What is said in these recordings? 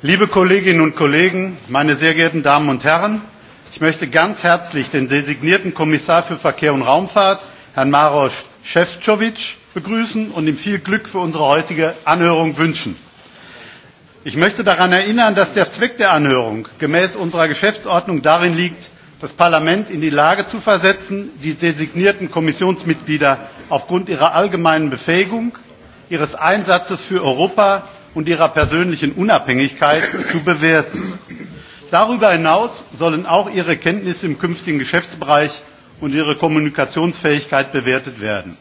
Liebe Kolleginnen und Kollegen, meine sehr geehrten Damen und Herren, ich möchte ganz herzlich den designierten Kommissar für Verkehr und Raumfahrt, Herrn Maros Šefčovič, begrüßen und ihm viel Glück für unsere heutige Anhörung wünschen. Ich möchte daran erinnern, dass der Zweck der Anhörung gemäß unserer Geschäftsordnung darin liegt, das Parlament in die Lage zu versetzen, die designierten Kommissionsmitglieder aufgrund ihrer allgemeinen Befähigung, ihres Einsatzes für Europa und ihrer persönlichen Unabhängigkeit zu bewerten. Darüber hinaus sollen auch ihre Kenntnisse im künftigen Geschäftsbereich und ihre Kommunikationsfähigkeit bewertet werden.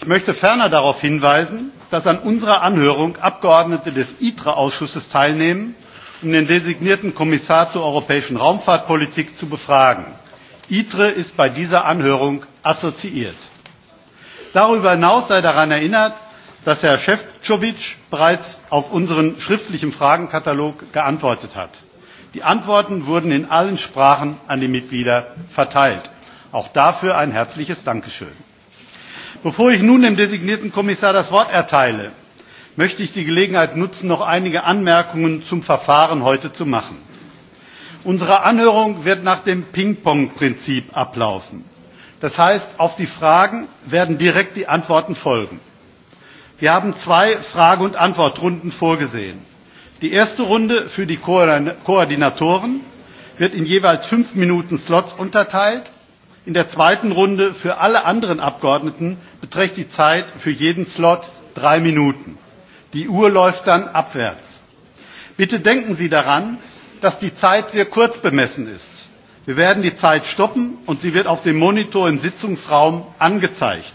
Ich möchte ferner darauf hinweisen, dass an unserer Anhörung Abgeordnete des ITRE-Ausschusses teilnehmen, um den designierten Kommissar zur europäischen Raumfahrtpolitik zu befragen. ITRE ist bei dieser Anhörung assoziiert. Darüber hinaus sei daran erinnert, dass Herr Šefčovic bereits auf unseren schriftlichen Fragenkatalog geantwortet hat. Die Antworten wurden in allen Sprachen an die Mitglieder verteilt. Auch dafür ein herzliches Dankeschön. Bevor ich nun dem designierten Kommissar das Wort erteile, möchte ich die Gelegenheit nutzen, noch einige Anmerkungen zum Verfahren heute zu machen. Unsere Anhörung wird nach dem Ping-Pong-Prinzip ablaufen. Das heißt, auf die Fragen werden direkt die Antworten folgen. Wir haben zwei Frage- und Antwortrunden vorgesehen. Die erste Runde für die Koordinatoren wird in jeweils fünf Minuten Slots unterteilt. In der zweiten Runde für alle anderen Abgeordneten beträgt die Zeit für jeden Slot drei Minuten. Die Uhr läuft dann abwärts. Bitte denken Sie daran, dass die Zeit sehr kurz bemessen ist. Wir werden die Zeit stoppen und sie wird auf dem Monitor im Sitzungsraum angezeigt.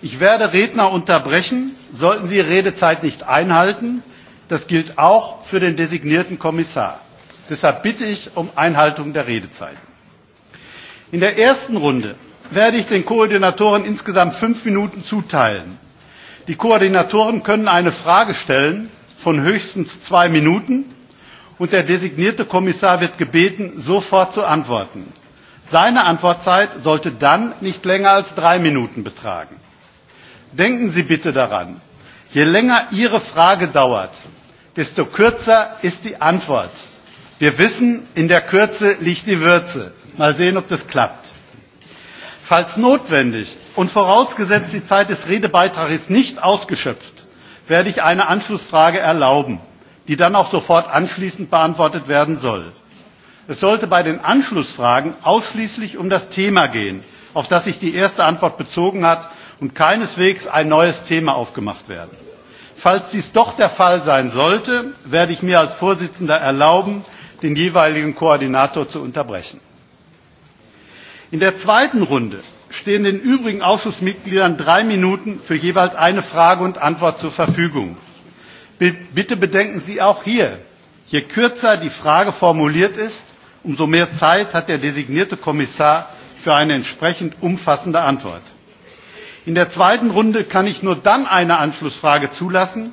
Ich werde Redner unterbrechen, sollten Sie Ihre Redezeit nicht einhalten. Das gilt auch für den designierten Kommissar. Deshalb bitte ich um Einhaltung der Redezeiten. In der ersten Runde werde ich den Koordinatoren insgesamt fünf Minuten zuteilen. Die Koordinatoren können eine Frage stellen von höchstens zwei Minuten und der designierte Kommissar wird gebeten, sofort zu antworten. Seine Antwortzeit sollte dann nicht länger als drei Minuten betragen. Denken Sie bitte daran, je länger Ihre Frage dauert, desto kürzer ist die Antwort. Wir wissen, in der Kürze liegt die Würze. Mal sehen, ob das klappt. Falls notwendig und vorausgesetzt die Zeit des ist nicht ausgeschöpft, werde ich eine Anschlussfrage erlauben, die dann auch sofort anschließend beantwortet werden soll. Es sollte bei den Anschlussfragen ausschließlich um das Thema gehen, auf das sich die erste Antwort bezogen hat, und keineswegs ein neues Thema aufgemacht werden. Falls dies doch der Fall sein sollte, werde ich mir als Vorsitzender erlauben, den jeweiligen Koordinator zu unterbrechen. In der zweiten Runde stehen den übrigen Ausschussmitgliedern drei Minuten für jeweils eine Frage und Antwort zur Verfügung. Bitte bedenken Sie auch hier, je kürzer die Frage formuliert ist, umso mehr Zeit hat der designierte Kommissar für eine entsprechend umfassende Antwort. In der zweiten Runde kann ich nur dann eine Anschlussfrage zulassen,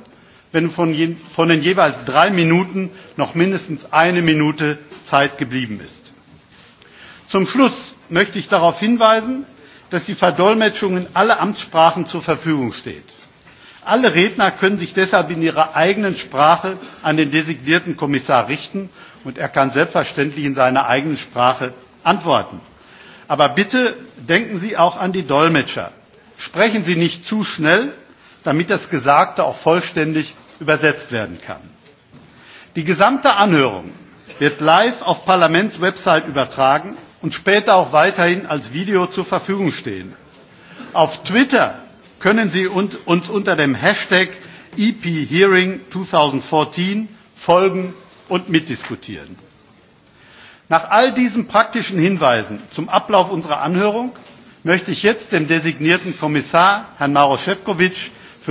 wenn von, je, von den jeweils drei Minuten noch mindestens eine Minute Zeit geblieben ist. Zum Schluss möchte ich darauf hinweisen, dass die Verdolmetschung in alle Amtssprachen zur Verfügung steht. Alle Redner können sich deshalb in ihrer eigenen Sprache an den designierten Kommissar richten und er kann selbstverständlich in seiner eigenen Sprache antworten. Aber bitte denken Sie auch an die Dolmetscher. Sprechen Sie nicht zu schnell, damit das Gesagte auch vollständig übersetzt werden kann. Die gesamte Anhörung wird live auf Parlamentswebsite übertragen und später auch weiterhin als Video zur Verfügung stehen. Auf Twitter können Sie uns unter dem Hashtag EP 2014 folgen und mitdiskutieren. Nach all diesen praktischen Hinweisen zum Ablauf unserer Anhörung möchte ich jetzt dem designierten Kommissar, Herrn Maro für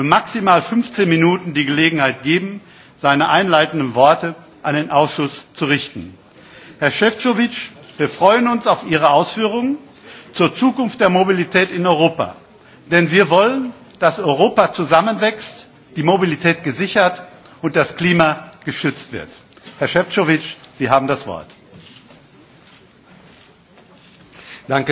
maximal 15 Minuten die Gelegenheit geben, seine einleitenden Worte an den Ausschuss zu richten. Herr Šefcovic, wir freuen uns auf Ihre Ausführungen zur Zukunft der Mobilität in Europa. Denn wir wollen, dass Europa zusammenwächst, die Mobilität gesichert und das Klima geschützt wird. Herr Šefcovic, Sie haben das Wort. Danke.